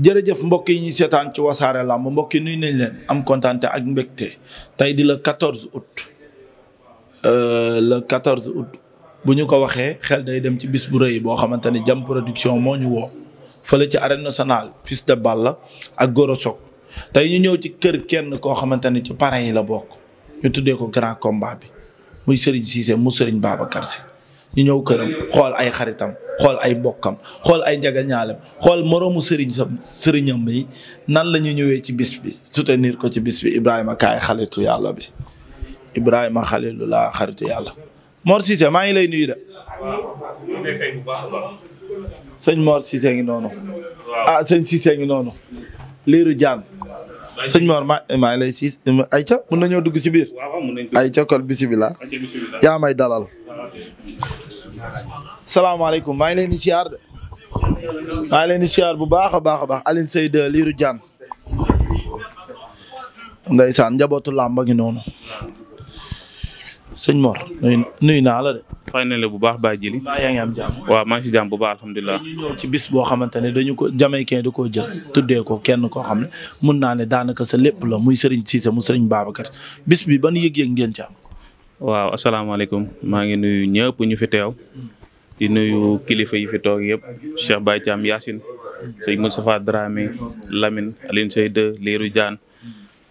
jërëjëf mbokk yi ñu seetaan ci wasaare làmb mbokk yi nuyu nañ leen am kontaante ak mbégte tey di la 14 août euh, le 14 août bu ñu ko waxee xel day dem ci bis bu rëy boo xamante ni jam production moo ñu woo fële ci arène nationale Fils de la ak Goro tey ñu ñëw ci kër kenn koo xamante ni ci parents yi la bokk ñu tuddee ko grand combat bi muy Serigne Cissé mu Serigne Babacar Sy ñu ñëw këram xool ay xaritam xool ay bokkam xool ay njagañaalem xool moroomu sëriñ sam sëriñam bi nan la ñu ñëwee ci bis bi soutenir ko ci bis bi Ibrahima kaay xaritu yàlla bi Ibrahima xalilulaa xaritu yàlla Mor Cissé maa ngi lay nuyu de sëñ Mor Cissé ngi noonu ah, sëñ Cissé ngi noonu liiru jaan sëñ Mor maa maa ngi lay siis ayca mën nañoo dugg ci biir ayca kon bisimilah yaa may dalal salaamaaleykum maa ngi leen di siyaar de maa leen siyaar bu baax a baax a baax Alioune Seye de Lirou Diane ndeysaan njabootu làmba ngi noonu sëñ moor nuyu naa la de. fay bu baax baa jëli. baa yaa waaw maa si jàmm bu baax alhamdulilah. ci bis boo xamante ne dañu ko jamaïcain da koo jël. tuddee ko kenn koo xam ne mun naa ne daanaka sa lépp la muy sëriñ Cissé mu Serigne Babacar bis bi ban yëg-yëg ngeen ci am. waaw asalaamaaleykum maa ngi nuyu ñëpp ñu fi teew di nuyu kilifa yi fi toog yëpp Cheikh Baye Thiam Yacine sëñ Moustapha Dramé Lamine Aline Seyde Lirou Diane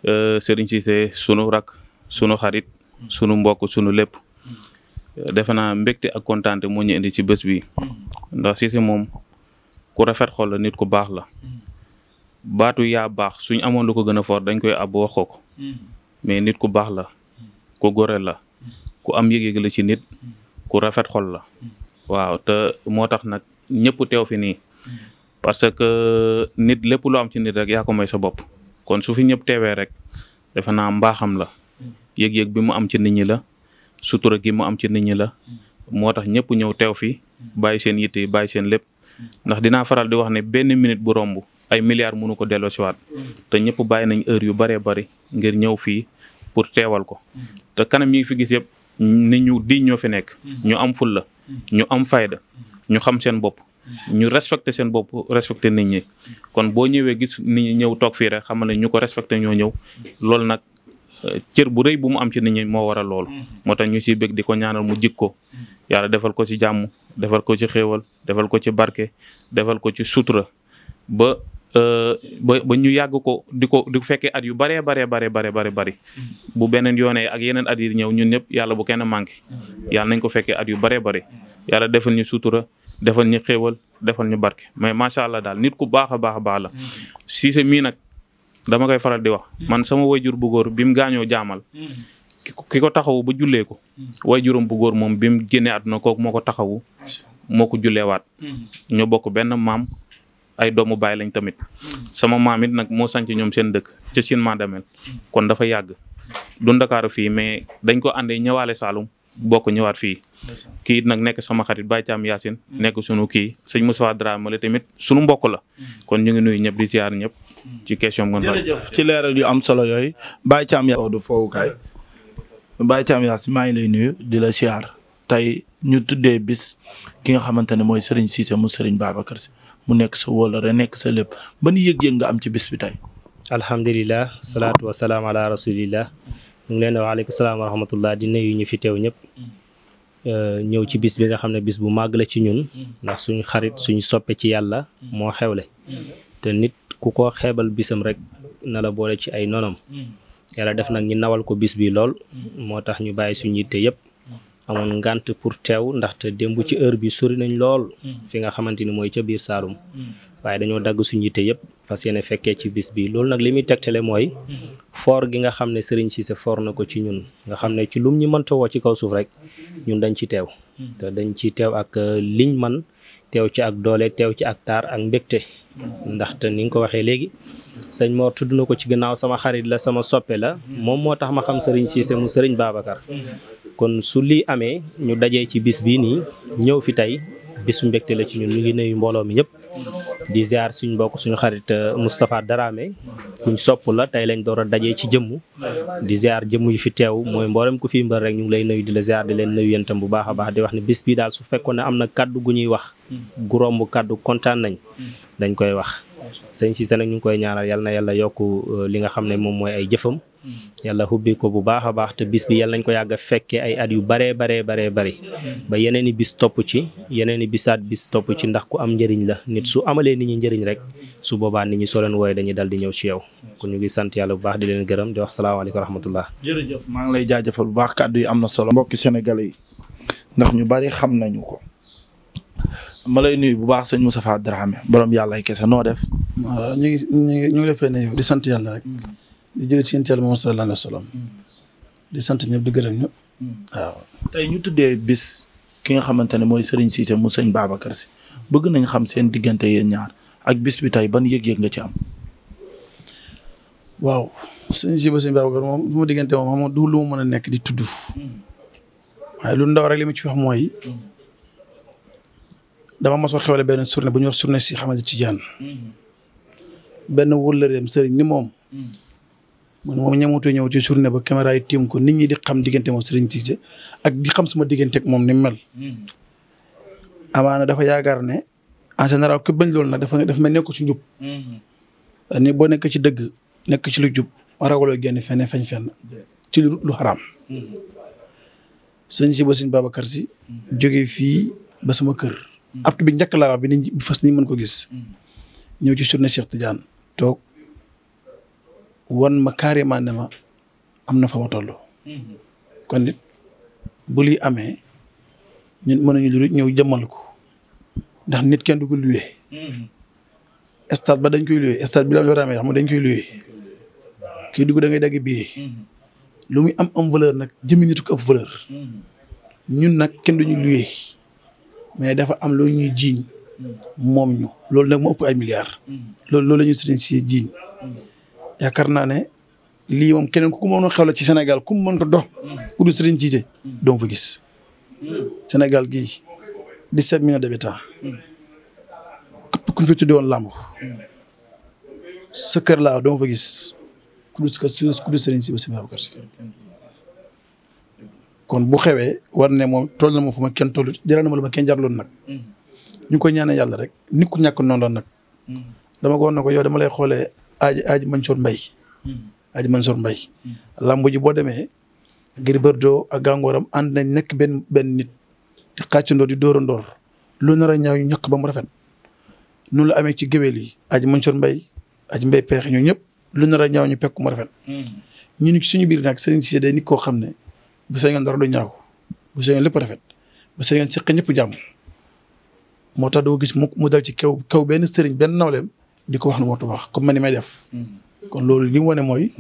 euh, Serigne Cissé sunu rak sunu xarit sunu mbokk sunu lépp defe naa mbégte ak kontaante moo ñu indi ci bés bi ndax Cissé moom ku rafet xol la nit ku baax la baatu ya baax suñ amoon lu ko gën a fort dañ koy ab wax ko mm. mais nit ku baax la ku gore la ku am yëg-yëg la ci nit ku rafet xol la waaw te moo tax nag ñëpp teew fi nii parce que nit lépp lu am ci nit rek yaa ko may sa bopp kon su fi ñëpp teewee rek defe naa mbaaxam la yëg-yëg bi mu am ci nit ñi la sutura gi mu am ci nit ñi la moo tax ñëpp ñëw teew fi bàyyi seen yitte bàyyi seen lépp ndax dinaa faral di wax ne benn minute bu romb ay milliards munu ko delloo siwaat te ñëpp bàyyi nañ heure yu bëree bëri ngir ñëw fii pour teewal ko te kanam yi fi gis yëpp ni ñu diñ ñoo fi nekk. Mm-hmm. ñu am fulla mm-hmm. ñu am fayda mm-hmm. ñu xam seen bopp. ñu respecté seen bopp respecté nit ñi kon boo ñëwee gis nit ñi ñëw toog fii rek xam ne ñu ko respecté ñoo ñëw loolu nag euh, cër bu rëy bu mu am ci nit ñi moo waral lool moo tax ñu siy bëgg di ko ñaanal mu jig ko yàlla defal ko ci jàmm defal ko ci xéewal defal ko ci barke defal ko ci sutura ba Euh, ba ñu yàgg ko di ko di fekkee at yu baree baree baree baree bare bëri bu beneen yoonee ak yeneen at yi ñëw ñun ñëpp yàlla bu kenn manqué yàlla nañ ko fekkee at yu baree bëri yàlla defal ñu sutura defal ñu xéewal defal ñu bark mais macha allah daal nit ku baax a baax a baax la Cissé mii nag dama koy faral di wax man sama wayjur bu góor bi mu gaañoo jaamal ki ko taxawu ba jullee ko juróom bu góor moom bi mu génnee àdduna kooku moo ko taxawu moo ko julleewaat hmm. ñoo bokk benn maam ay doomu baay lañ tamit sama maam it nag moo sànc ñoom seen dëkk ca Sine Mademel kon dafa yàgg du Ndakaaru fii mais dañ ko àndee ñëwaale Saalum bokk ñëwaat fii kii nag nekk sama xarit Baye Thiam Yacine nekk sunu kii sëñ Moussa Dramé la tamit sunu mbokk la kon ñu ngi nuyu ñëpp di ziar ñëpp ci question bi ci leeral yu am solo yooyu Baye Thiam Yacine maa ngi lay nuyu di la tey ñu tuddee bis ki nga xamante ne mooy Serigne Cissé mu Serigne Babacar mu nekk sa wóolare nekk sa lépp ban yëg-yëg nga am ci bis bi tey. alhamdulilah salaatu wa salaam ala rasulillah ñu ngi leen di salaam wa rahmatullah di nuyu ñu fi teew ñëpp euh, ñëw ci bis bi nga xam ne bis bu màgg la ci ñun ndax suñu xarit suñu soppee ci yàlla moo xewle te nit ku ko xebal bisam rek na la boole ci ay nonom yàlla def nag ñu nawal ko bis bi lool moo tax ñu bàyyi suñu yitte yëpp amoon ngant pour teew ndaxte démb ci heure bi suri nañ lool mm-hmm. fi nga xamante ni mooy ca biir Saalum mm-hmm. waaye dañoo dagg suñu yitte yëpp fa yéene fekkee ci bis bi loolu nag li muy tegtale mooy mm-hmm. foor gi nga xam ne Serigne Cissé foor na ko ci ñun nga xam ne ci lum ñu mënta woo ci kaw suuf rek ñun dañ ci teew te dañ ci teew ak euh, liñ man teew ci ak doole teew ci ak taar ak mbégte ndaxte ni nga ko waxee léegi sëñ moo tudd na ko ci gannaaw sama xarit la sama soppe la moom moo tax ma xam Serigne Cissé mu Serigne Babacar kon su lii amee ñu dajee ci bis bii nii ñëw fi tey bisu mbégte la ci ñun ñu ngi nuyu mbooloo mi ñëpp di ziar suñ mbokk suñu xarit euh, Moustapha daraame kuñ sopp la tey lañ door a dajee ci jëmm di ziar jëmm yu fi teew mooy mboolem ku fi mbër rek ñu ngi lay nuyu di la ziar di leen nuyu yéen bu baax a baax di wax ne bis bii daal su fekkoon ne am na kaddu gu ñuy wax gu romb kàddu kontaan nañ dañ koy wax sëñ Cissé nag ñu ngi koy ñaaral yal na yàlla yokk euh, li nga xam ne moom ay jëfam yàlla xubbi ko bu baax a baax te bis bi yàlla nañ ko yàgg a fekkee ay at yu baree baree baree bëri ba yeneen i bis topp ci yeneen i bisaat bis topp ci ndax ku am njëriñ la nit su amalee nit ñi njëriñ rek su boobaa nit ñi soo leen wooye dañuy dal di ñëw ci yaw ku ñu ngi sant yàlla bu baax di leen gërëm di wax salaamaaleykum wa rahmatullah maa ngi lay jaajëfal bu baax kàddu yi am na solo mbokki sénégalais yi ndax ñu bari xam nañu ko ma lay nuy bu baax sañ sëñ Moustapha Dramé boroom yàlla ay kese noo def ñu ngi ñu ngi defee di jëlee ci yonent Yàlla moom mm. di sant ñëpp di mm. waaw. tey ñu tuddee bis ki nga xamante ne mooy sëriñ Cissé mu sëñ Babacar Sy bëgg nañ xam seen diggante yéen ñaar ak bis bi tey ban yëg-yëg nga ci am. waaw sëñ si ba sëñ Babacar moom lu ma diggante moom du lu mu mën a nekk di tudd mm. waaye lu ndaw rek li ma ci wax mooy dama mos xewle benn journée bu ñuy wax journée si xamante Tijaan benn wëllëreem sëriñ ni moom. man moom ñamuto ñëw ci journée ba caméra yi tiim ko nit ñi di xam diggante moom Serigne Cissé ak di xam sama diggante moom ni mu mel. Mm-hmm. amaana dafa yaakaar ne en général ku bañ loolu nag dafa dafa mel nekk ci njub. Mm-hmm. ni boo nekk ci dëgg nekk ci lu jub ragaloo génn fenn feñ fenn ci lu lu xaraam. su si ba sëñ Babacar si. Mm-hmm. jógee fii ba sama kër. ab bi njëkk laa wax bi nit fas ni mën ko gis. ñëw ci journée Cheikh Tidiane toog. wan ma carrément ne ma am na fa ma toll. kon nit bul lii amee ñun mënuñu lu ñëw jëmmal ko ndax nit kenn du ko luwe. stade ba dañ koy luwe stade bi la war a amee xam nga dañ koy luwe kii dugg da ngay dagg lu muy am am valeur nag jëmmi nit ko ëpp ñun nag kenn duñu luwe mais dafa am lu ñu jiiñ moom ñu loolu nag mu ëpp ay milliards. loolu lool la ñuy sëriñ si jiiñ yaakaar naa ne lii moom keneen ku ko mënoon xew la ci Sénégal ku mu mën ko dox. ku doo fa gis. senegal gii 17 millions de képp ku ñu fi tuddee woon làmb. laa doo fa gis ku dul ku dul Serigne Cissé Babacar Sy kon bu xewee war ne moom toll na moom fu ma kenn tollu jaral na ma lu ma kenn jarloon nag. ñu ko ñaanal yàlla rek nit ku ñàkk noonu la nag. dama ko wax ne ko yow dama lay xoolee. Aji Aji Mansour Mbaye. Hmm. Aji Mansour Mbaye. Hmm. lamb ji boo demee. Gris Bordeaux ak gàngooram ànd na nekk benn benn nit. di xàccandoo di dóorandoor. lu nar a ñaaw ñu ñàkk ba mu rafet. noonu la amee ci géwél yi. Aji Mansour Mbaye. Aji Mbaye peex ñoo ñëpp. lu nar a ñaaw ñu pekk mu rafet. Hmm. ñu ni suñu biir nag Serigne Cissé day nit koo xam ne. bu sañoon dara du ñaaw. bu sañoon lépp rafet. bu sañoon seq ñëpp jàmm. moo tax doo gis mu mu dal ci kaw kaw benn sëriñ benn nawleem. di ko wax nu wartu wax comme man ni may def. Mm-hmm. kon loolu li wone mooy.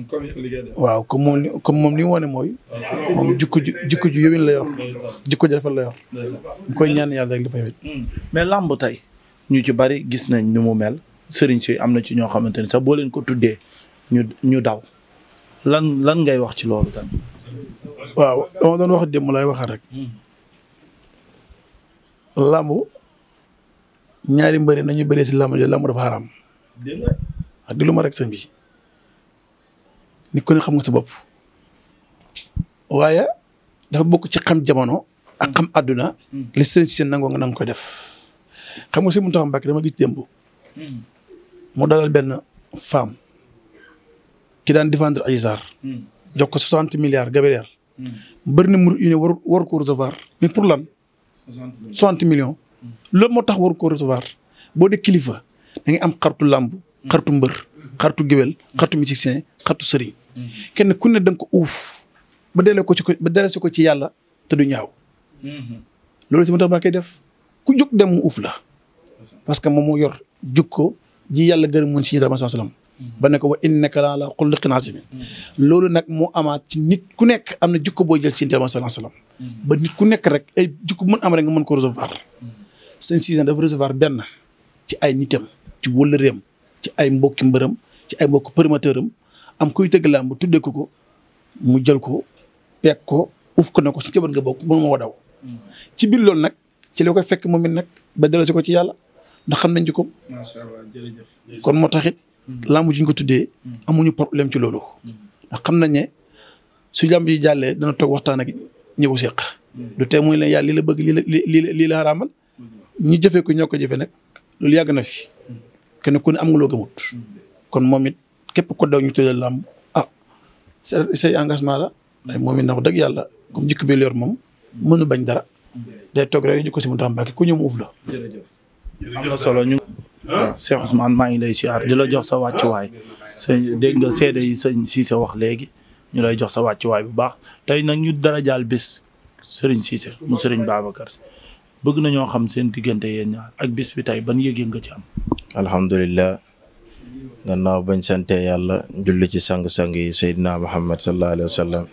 waaw comme moom comme moom li wane mooy. Ah. moom jikko ju jikko ju yowin la yor. jikko ju rafet la yor. koy ñaan yàlla rek li koy mm. mais làmb tey ñu ci bari gis nañ ni mel sëriñ si am na ci ñoo xamante ne sax boo leen ko tuddee ñu daw lan lan ngay wax ci loolu tam. waaw dama doon wax démb lay waxaat rek. Mm. làmb ñaari mbëri nañu bëree si làmb jooju làmb dafa xaram. ah déglu ma rek sëñ ni ko xam nga sa bopp waaye dafa bokk ci xam jamono ak xam àdduna hmm. li sëñ si seen nangoo nga nanga koy def xam nga si Mountakha Mbacké dama gis démb hmm. mu dalal benn femme ki daan défendre Adji Sarr hmm. jox ko soixante milliards Gabriel bëri na mu ne war war ko recevoir mais pour lan soixante millions loolu moo tax war ko recevoir boo dee kilifa da ngay am xartu làmb xartu mbër xartu géwél xartu musicien xartu sëriñ kenn ku ne da ko uuf ba delee ko ci ko si ko ci yàlla te du ñaaw loolu si ma tax baa koy def ku jóg dem mu uuf la parce que moom moo yor jukko ji yàlla gërëm mun si yéen salaam ba ne ko wa innaka la ala xulqin azim loolu nag moo amaat ci nit ku nekk am na jukko boo jël si yéen salaam ba nit ku nekk rek ay jukko mën am rek nga mën ko recevoir. seen six dafa recevoir benn ci ay nitam. ci wëllëreem ci ay mbokki mbërëm ci ay mbokki promoteur am am kuy tëgg làmb tuddee ko ko mu jël ko peeg ko uf ko ko si njaboot nga bokk mënu ma wadaw ci biir loolu nag ci la koy fekk moom it nag ba dellusi ko ci yàlla ndax xam nañ ci ko. macha kon moo taxit. Mm-hmm. làmb ji ñu ko tuddee. Mm-hmm. amuñu problème ci loolu. Mm-hmm. ndax xam nañ ne su làmb ji jàllee dana toog waxtaan ak ñi ko seq. du tee muy leen yàlla lii la bëgg lii lii la lii ñu jëfee ko ñoo ko jëfee nag loolu yàgg na fi. kenn ku ne am nga loo gëmut kon moom it képp ko daw ñu tëddal làmb ah say engagement la waaye moom it na ko dëgg yàlla comme jikko bi leer moom mënu bañ dara day toog rek ñu ko si mu tàmbaake ku ñëw mu uuf la. am na solo ñu. waaw Cheikh Ousmane maa ngi lay siyaar di la jox sa wàccuwaay sa dégg nga seede yi sëñ Cissé wax léegi ñu lay jox sa wàccuwaay bu baax tey nag ñu dara jaal bés Serigne Cissé mu Serigne Babacar Sy bëgg nañoo xam seen diggante yéen ñaar ak bis bi tey ban yëg-yëg ci am. alhamdulilah gannaaw bañ sante yàlla julli ci sang-sang yi Seydina Muhammad sallallahu alayhi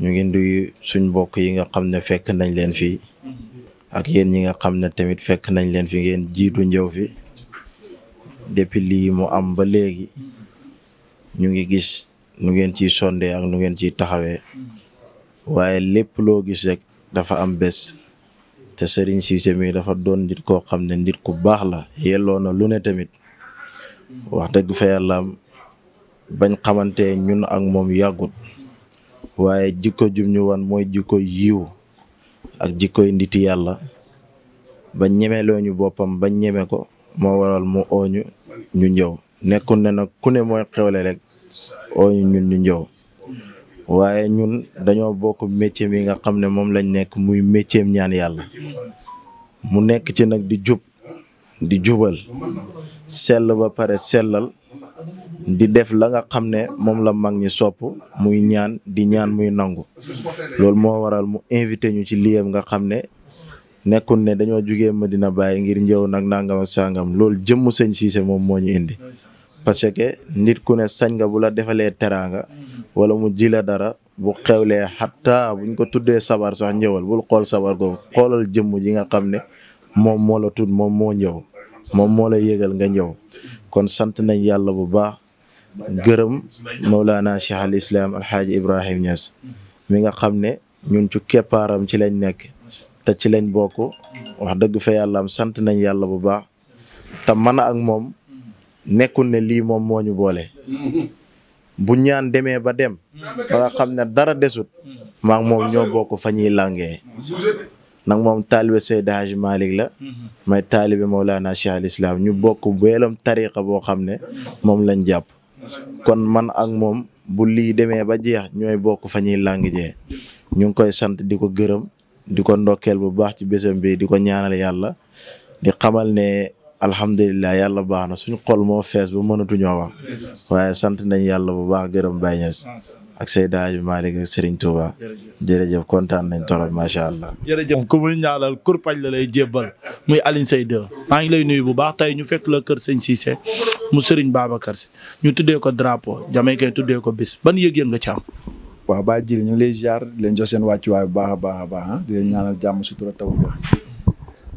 ñu ngi nuyu suñ mbokk yi nga xam ne fekk nañ leen fii ak yéen ñi nga xam ne tamit fekk nañ leen fi ngeen jiitu njëw fi depuis lii mu am ba léegi ñu ngi gis nu ngeen ciy sondee ak nu ngeen ciy taxawee waaye lépp loo gis rek dafa am bés te Serigne Cissé mi dafa doon nit koo xam ne nit ku baax la yelloo na lu ne tamit wax dëgg fa yàlla bañ xamante ñun ak moom yàggut waaye jikko jum ñu wan mooy jikko yiw ak jikkoy nditi yàlla ba ñemeloo ñu boppam ba ñeme ko moo waral mu ooñu ñu ñëw nekkul ne nag ku ne mooy xewle rek ooñu ñun ñu ñëw waaye ñun dañoo bokk métier mi nga xam ne moom lañ nekk muy métier ñaan yàlla mu nekk ci nag di jub di jubal sell ba pare sellal di def la nga xam ne moom la mag ñi sopp muy ñaan di ñaan muy nangu loolu moo waral mu invité ñu ci liyam nga xam ne nekkul ne dañoo ma dina Baye ngir njëw nag nangam sangam loolu jëmm sëñ Cissé moom moo ñu indi. parce que nit ku ne sañ nga bu la defalee teraanga wala mu jila dara bu xewlee xataa buñ ko tuddee sabar sax ñëwal bul xool sabar googu xoolal jëmm ji nga xam ne moom moo la tudd moom moo ñëw moom moo la yëgal nga ñëw kon sant nañ yàlla bu baax gërëm Mawlana Cheikh al Islam Alxaaji Ibrahim Niass mi nga xam ne ñun ci keppaaram ci lañ nekk te ci lañ bokk wax dëgg fa yàlla am sant nañ yàlla bu baax te man ak moom nekkul ne lii moom moo ñu boole bu ñaan demee ba dem ba xam ne dara desut maa ngi moom ñoo bokk fa ñuy làngee nag moom taalibe Seydi Hadji Malick la may taalibe Mawlana Cheikh al Islam ñu bokk beelam tariqa boo xam ne moom lañ jàpp kon man ak moom bu lii demee ba jeex ñooy bokk fa ñuy làng ñu ngi koy sant di ko gërëm di ko ndokkeel bu baax ci bésam bi di ko ñaanal yàlla di xamal ne alhamdulilah yàlla baax na suñu xol moo fees ba mënatuñoo wax waaye sant nañ yàlla bu baax gërëm Baye Niass ak Seydi Hadji Malick ak Serigne Touba jërëjëf kontaan nañ torop macha allah. jërëjëf ku muy ñaalal kurpañ la lay jébbal muy alin Seye 2 maa ngi lay nuyu bu baax tey ñu fekk la kër sëñ Cissé mu Serigne Babacar Sy ñu tuddee ko drapeau jamay kay tuddee ko bis ban yëg-yëg nga ci am. waaw Baye Djily ñu ngi lay ziar jox seen wàccuwaay bu baax a baax a baax di leen ñaanal jàmm sutura tawfeex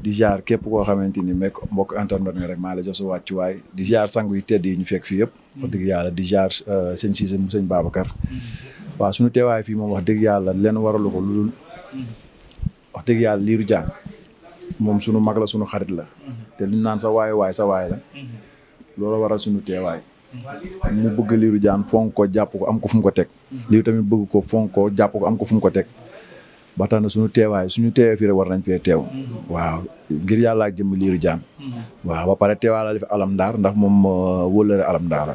di ziar képp koo xamante ni mekk mbokk internet nga rek maa la jox sa wàccuwaay di ziar sangu yu tedd yi ñu fekk fii yëpp mm. wax dëgg yàlla di ziar euh, sëñ Cissé mu sëñ Babacar mm. waa suñu teewaay fii moom wax dëgg yàlla leen waralu ko lu dul mm. wax dëgg yàlla liiru jàng moom suñu mag la suñu xarit la te liñ naan sa waay waay sa waay la loolu waral suñu teewaay mu bëgg liiru jaan fonk ko jàpp ko am ko fu mu ko teg liiru tamit bëgg ko fonk ko jàpp ko am ko fu ko teg ba tax na suñu teewaay suñu teewee fii war nañ fee teew mm-hmm. waaw ngir yàlla ak jëmm liiru jaan mm-hmm. waaw ba pare teewaa la def alam ndaar ndax moom uh, wólëre alam ndaara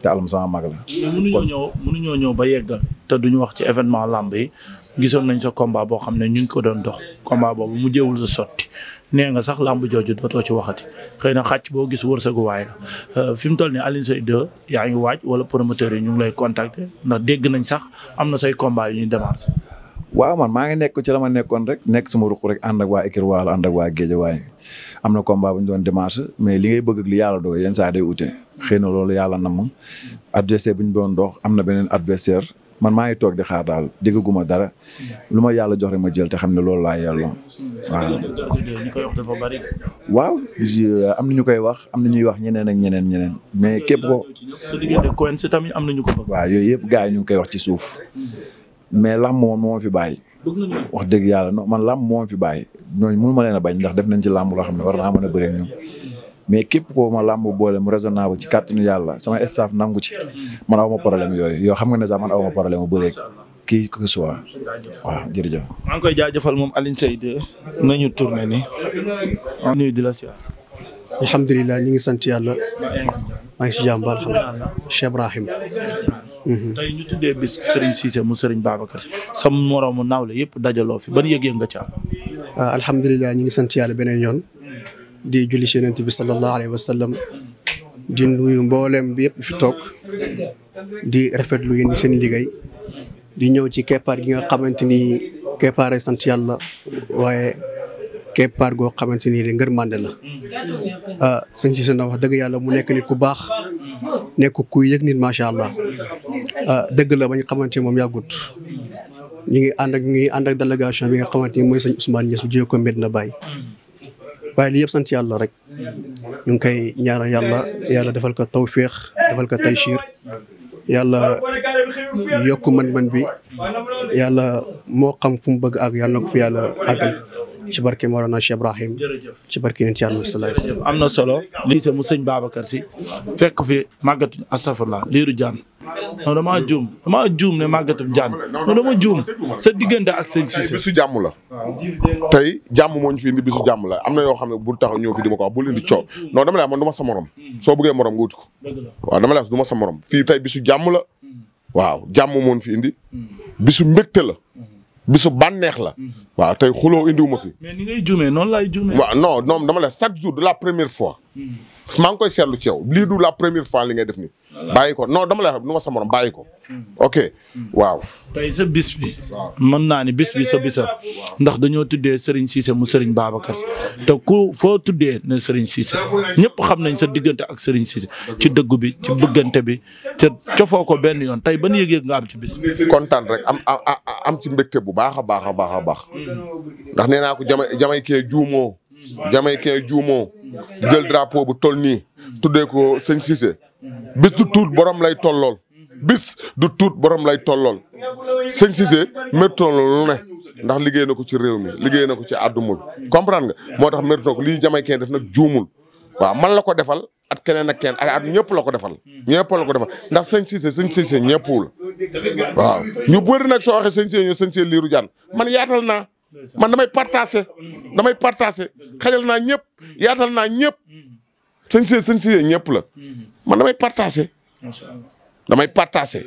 te alam sama mag la mënuñoo ñëw mënuñoo ñëw ba yeggal te duñu wax ci événement lamb yi gisoon nañ sa combat boo xam ne ñu ngi ko doon dox combat boobu mujjeewul sa sotti nee nga sax làmb jooju dootoo ci waxati xëy na xàcc boo gis wërsëgu waay la euh, fi mu toll nii Alioune Seye 2 yaa ngi waaj wala promoteur yi ñu ngi lay contacter ndax dégg nañ sax am na say combat yu ñuy démarrer waaw man maa ngi nekk ci la ma nekkoon rek nekk sama ruq rek ànd ak waa écurie Walo ànd ak waa Guédiawaye am na combat bu ñu doon démarche mais li ngay bëgg ak li yàlla dogal yenn saa day ute xëy na loolu yàlla na ma adversaire bi ñu doon dox am na beneen adversaire man maa ngi toog di xaar daal dégguma dara lu ma yàlla jox rek ma jël te xam ne loolu laa yelloo waaw. waaw am na ñu koy wax am na ñuy wax ñeneen ak ñeneen ñeneen mais képp ko. sa diggante si tamit am na ñu ko. waaw yooyu yëpp gaa yi ñu ngi koy wax ci suuf. mais làmb moom moo fi bàyyi. wax dëgg yàlla non man làmb moo fi bàyyi ñooñu mënu ma leen a bañ ndax def nañ ci làmb loo xam ne war naa mën a bëree ñoom mais képp koo ma làmb boole mu raisonnable ci kàttanu yàlla sama staff nangu ci man aw ma problème yooyu yoo xam nga ne sax man aw ma problème mu bëree kii que soit waaw jërëjëf. maa ngi koy jaajëfal moom Alioune Seye 2 nañu tourné nii. nuyu di la si waat. alhamdulilah ñu ngi sant yàlla. maa ngi si jàmm ba alhamdulilah Cheikh Ibrahim. tey mu Serigne Babacar nawle yëpp dajaloo fi ban yëg-yëg nga ci ah, ñu ngi sant yàlla beneen yoon di julli si yonent bi sallallahu alayhi wa sallam di nuyu mboolem bi fi toog di rafetlu yéen seen liggéey di ñëw ci keppaar gi nga xamante ni keppaare sant yàlla waaye. keppaar goo xamante ni ngër mànde la mm. ah sëñ Cissé na wax dëgg yàlla mu nekk nit ku baax nekk kuy yëg nit macha allah ah, dëgg la bañ xamante moom yàggut ñu ngi ànd ak ñu ngi ànd ak délégation bi nga xamante ni mooy sëñ Ousmane Niass bu jóge ko Medina Baye waaye li yëpp sant yàlla rek ñu ngi koy ñaanal yàlla yàlla defal ko tawféex defal ko taysiir yàlla yokk mën-mën bi yàlla moo xam fu mu bëgg ak yàlla na fi yàlla àggal ci barke Mawlana Cheikh Ibrahim ci barke yonent Yàlla sallallahu alayhi wasallam am na solo lii te mu sëñ Babacar si fekk fi màggatu astafurlah liiru jaan non damaa juum damaa juum ne màggatum jaan non dama juum sa diggante ak sëñ Cissé bisu jàmm la tey jàmm moo ñu fi indi bisu jàmm la am na yoo xam ne bul tax ñëw fi di ma ko wax bul indi coow non dama lay man du ma sa morom soo bëggee morom nga wuti ko sa morom fii tey bisu jàmm la hmm. waaw jàmm moo fi indi hmm. bisu mbégte la hmm. bisu bànneex la. Mhm. waaw tey xuloo indiwuma fi. mais ni ngay juumee noonu laay juumee. waaw non non dama la chaque jour de la première fois. Mhm. maa ngi koy seetlu ci yow lii du la première fois li ngay def nii bàyyi ko non dama lay wax nu ma sa morom ko. ok waaw. tey sa bis bi. mën naa ni bis bi sa bisa ndax dañoo tuddee Serigne Cissé mu Serigne baaba Sy te ku foo tuddee ne Serigne Cissé ñëpp xam nañ sa diggante ak Serigne Cissé ci dëggu bi ci bëggante bi te cofoo ko benn yoon tey ban yëg-yëg nga am ci bis bi. kontaan rek am am ci mbégte bu baax a baax a baax a baax ndax nee naa ko jama jamay kee juumoo hmm. jamay kee juumoo. jël drapeau bu toll nii tuddee ko sëñ Cissé bis du tuut borom lay tollool bis du tuut borom lay tollool sëñ Cissé ndax liggéey na ko ci réew mi liggéey na ko ci àdduma bi nga moo tax mérite na ko lii jamay kenn def nag juumul waaw man la ko defal at keneen ak kenn ak at ñëpp la ko defal ñëpp la ko defal ndax sëñ Cissé sëñ Cissé ñëppul waaw ñu bëri nag soo waxee sëñ Cissé liiru jaan man yaatal naa man damay partagé damay partagé xajal naa ñëpp yaatal naa ñëpp sëñ si sëñ si ñëpp la man damay partagé. damay partagé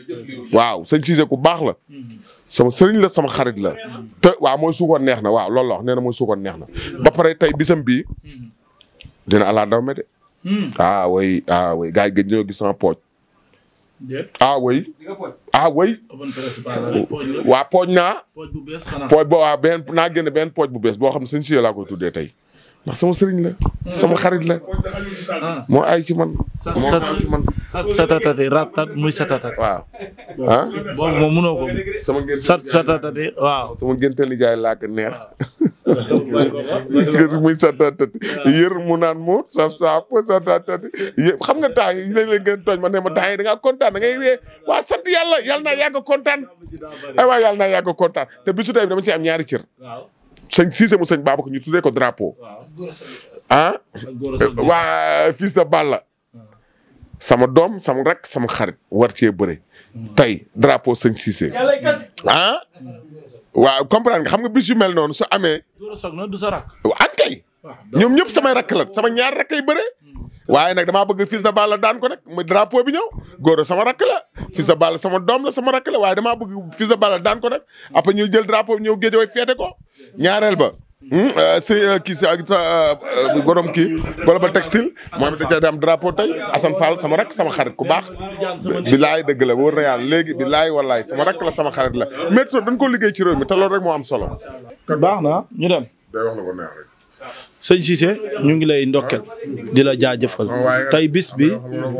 waaw sëñ Cissé ku baax la sama sëriñ la sama xarit la te waa mooy suukoon neex na waaw loolu la nee na mooy suukoon neex na ba pare tey bisam bii dina alaa daw me de hmm. ah way ah gëj ñoo gis sama pooj ah oui. ah oui. waa pooj naa. pooj bu bees boo waa benn naa génne benn pooj bu bees boo xam ne sëñ si laa koy tuddee tey. ndax sama sëriñ la. sama xarit la. moo ay ci man. moo aay ci man. satatati ratat muy satatati. waaw. ah. boobu moom mënoo ko. sama ngénte sat satatati waaw. sama ngénte li jaay laak neex. muy satatati yër mu naan mu saf saaf satatati yëpp xam nga temps yi dañ leen gën a tooñ ma ne ma temps yi da ngaa kontaan da ngay wee waa sant yàlla yàlla naa yàgg kontaan. ay waa yàlla na yàgg kontaan te bisu tey bi dama ci am ñaari cër. sëñ Cissé mu sëñ Babacar ñu tuddee ko drapeau. ah waa fils de Balla ah. sama doom sama rak sama xarit war cee bëre. Hmm. tey drapo sëñ Cissé. ah. waaw comprendre nga xam nga bis yu mel noonu su amee. du sa rak. an ñoom ñëpp samay rakk la sama ñaar rakk ay bëre. waaye nag damaa bëgg fiis de baala daan ko nag muy drapeau bi ñëw góor sama rakk la Fils de Balla sama doom la sama rakk la waaye damaa bëgg Fils de Balla daan ko nag après ñu jël drapeau ñëw géejooy feete ko ñaareel ba hmm, euh, së euh, kii si ak euh, borom kii global textile moom da cee am drapeau tey Assane Fall sama rakk sama xarit ku baax bilaay dëgg la wóor na yàlla léegi bilaay wallaay sama rakk la sama xarit la mais dañ ko liggéey ci réew mi te loolu rek moo am solo baax na ñu dem day wax la sëñ Cissé ñu ngi lay ndokkel di la jaajëfal tey bis bi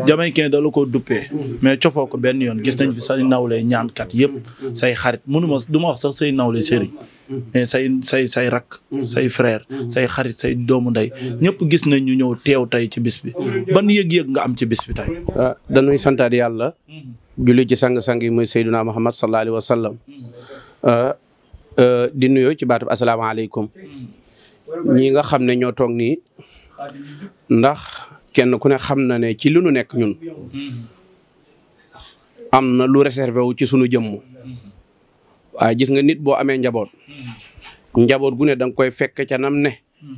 Jamaïcain da la ko duppee mais cofoo ko benn yoon gis nañ fi say nawle ñaankat yëpp say xarit mënuma duma wax sax say nawle sëriñ mais say say say rakk say frère say xarit say doomu ndey ñëpp gis nañ ñu ñëw teew tey ci bis bi ban yëg-yëg nga am ci bis bi tey. Ah, dañuy santaat yàlla. julli ci sang-sang yi muy Seydina Muhammad sallallahu alayhi wa sallam. Ah, ah, di nuyoo ci baatu asalaamaaleykum. ñii nga xam ne ñoo toog nii ndax kenn ku ne xam na ne ci lu nu nekk ñun am na lu réservé wu ci sunu jëmmu waaye gis nga nit boo amee njaboot njaboot gu ne da koy fekk ca nam ne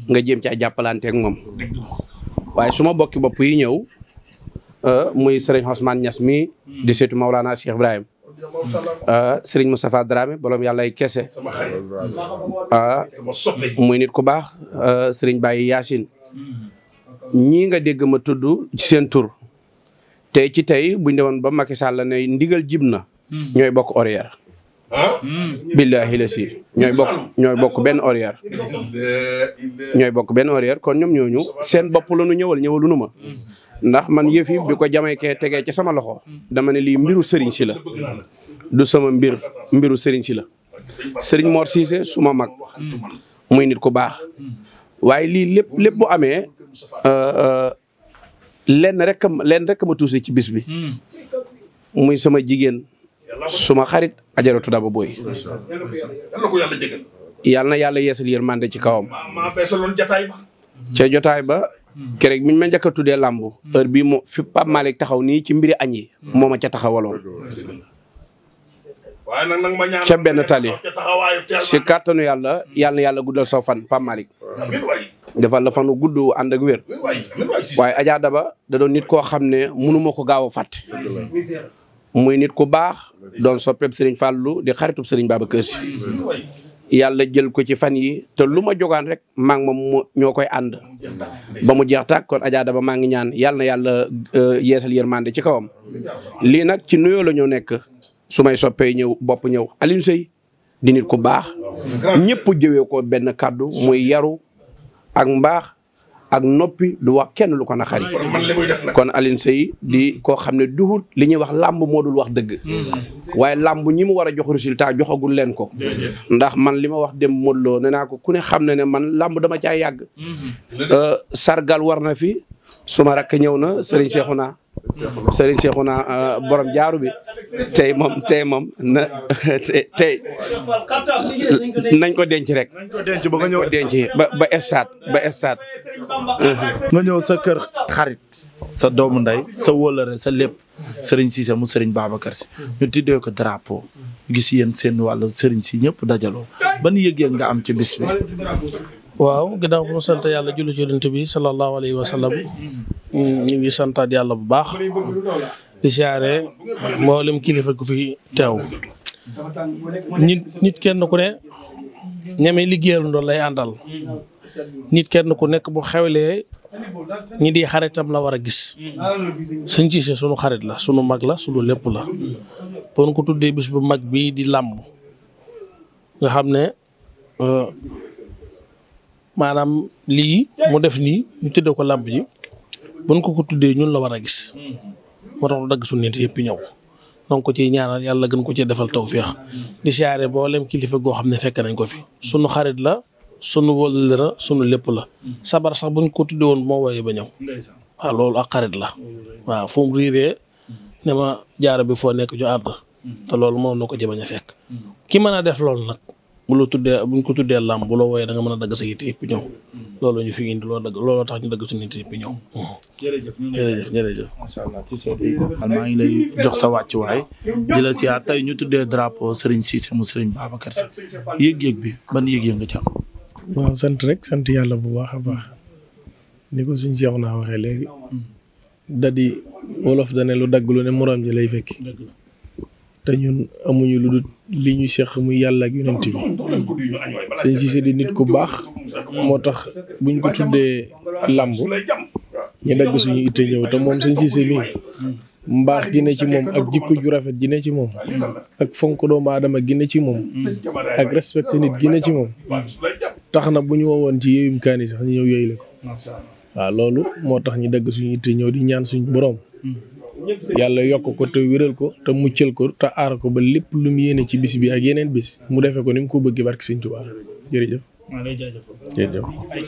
nga jëm caa jàppalanteeg moom waaye su suma bokki bopp yi ñëw euh, muy sëriñ Ousmane Niass mi di seetu Maulana Cheikh Ibrahim Ah, sëriñ Moustapha Dramé borom yàlla ay kese. Ah, muy nit ku baax ah, sëriñ Baye Yacine. ñi nga dégg ma tudd ci seen tur. tey ci tey buñ demoon ba Macky Sall ndigal jib na. ñooy bokk horaire. billaahi la si ñooy bokk ñooy bokk benn horaire. ñooy bokk benn horaire kon ñoom ñooñu seen bopp la nu ñëwal ñëwalu nu ma. ndax man yëf yi bi ko jamaykee tegee ci sama loxo dama ne lii mbiru sëriñ si la du sama mbir mbiru sëriñ si la sëriñ Mor Cissé suma mag muy nit ku baax waaye lii lépp lépp bu amee euh, euh, lenn rek lenn rek ma tuuse ci bis bi muy sama jigéen suma xarit ajaratu daba booy yàlla na yàlla yeesal yërmande ci kawam ca jotaay ba keroog bi ñu ma njëkk a tuddee làmb mm. heure bii moo fi Pape Malick taxaw nii ci mbiri añ yi mm. moo ma ca taxawaloon waaye nag benn tali si kàttanu yàlla yàlla na yàlla guddal saw fan Pape Malick defal la fan wu gudd ànd ak wér waaye Adja Daba da doon nit koo xam ne mënuma ko gaaw a fàtte muy nit ku baax doon soppeeb Serigne Fallou di xaritub sëriñ Babacar Sy yàlla jël ko ci fan yi te lu ma jogaan rek maa ngi ñoo koy ànd ba mu jeex tàkk kon Adja Daba maa ngi ñaan yàlla na yàlla euh, yeesal yërmande ci kawam. lii nag ci nuyoo la ñu nekk su may soppee ñëw bopp ñëw Alioune Seye di nit ku baax ñëpp jëwee ko benn kàddu muy yaru ak mbaax. ak noppi du wax kenn lu ko naqari kon Alioune Seye di koo xam ne duhul li ñuy wax làmb moo wax dëgg mm-hmm. waaye làmb ñi mu war a jox résultat joxagul leen ko ndax man li ma wax dem Modou Lo ne naa ko ku ne xam ne ne man làmb dama caa yàgg mm-hmm. euh, sargal war na fi suma rakk ñëw na Serigne Cheikhouna sëriñ Cheikhouna euh, borom jaaru bi tey moom tey moom na tey nañ ko denc rek. denc ba nga ñëw denc ba ba estaat ba estaat. nga ñëw sa kër xarit sa doomu ndey sa wóolare sa lépp sëriñ Cissé mu sëriñ Babacar Sy ñu tuddee ko drapeau gis yéen seen wàllu sëriñ si ñëpp dajaloo ban yëg-yëg nga am ci bis waaw ginnaaw bu ma sant yàlla julli ci yonent bi sallallahu alayhi wa sallam ñu santaat yàlla bu baax di siyaare mboolem kilifa gu fi teew nit nit kenn ku ne ñamee liggéeyal ndoon lay àndal nit kenn ku nekk bu xewlee ñi di xaritam la war a gis suñ ci se sunu xarit la sunu mag la sunu lépp la bon bu mag bii di làmb nga xam ne euh, maanaam lii mu def nii ñu tëddee ko làmb ji buñ ko ko tuddee ñun la war a gis moo tax lu dagg suñu nit yëpp ñëw donc ko ci ñaanal yàlla gën ko ci defal tawféex di siyaare boolem kilifa goo xam ne fekk nañ ko fi suñu xarit la sunu wóllëre la sunu lépp la sabar sax buñ ko tuddee woon moo woyee ba ñëw waaw loolu ak xarit la waaw fu riiree ne ma jaara bi foo nekk ju àdd mm-hmm. te loolu moom na ko ci a fekk ki mën def loolu nag bu la tuddee buñ ko tuddee làmb bu la wooyee da nga mën a dagg sa yitte yëpp ñëw loolu ñu fi indi loo dagg looloo tax ñu dagg suñu yitte yëpp ñëw. jërëjëf jërëjëf jërëjëf. macha allah ci seen maa ngi lay jox sa wàccuwaay di la siyaar tey ñu tuddee drapeau Serigne Cissé mu Serigne Babacar Sy yëg-yëg bi ban yëg-yëg nga ci am. waaw sant rek sant yàlla bu baax a baax ni ko suñ seex naa waxee léegi hmm. da di wolof da lu dagg lu ne morom ji lay fekki. te ñun amuñu lu dul li ñu seq muy yàlla ak yonent bi sëñ Cissé di nit ku baax moo tax buñ ko tuddee làmb ñu dagg suñu itte ñëw te moom sëñ Cissé mii mbaax gi ne ci moom ak jikko ju rafet gi ne ci moom ak fonk doomu aadama gi ne ci moom ak respecté nit gi ne ci moom tax na bu ñu woowoon ci yéeyum kaani sax ñëw yooyu la ko waaw loolu moo tax ñu dagg suñu itte ñëw di ñaan suñu boroom yàlla yokk ko te wéral ko te muccal ko te aar ko ba lépp lu mu yéene ci bis bi ak yeneen bis mu defee ko ni mu ko bëggee barke Sëñ Tuubaa jërëjëf. maa ngi lay jaajëfal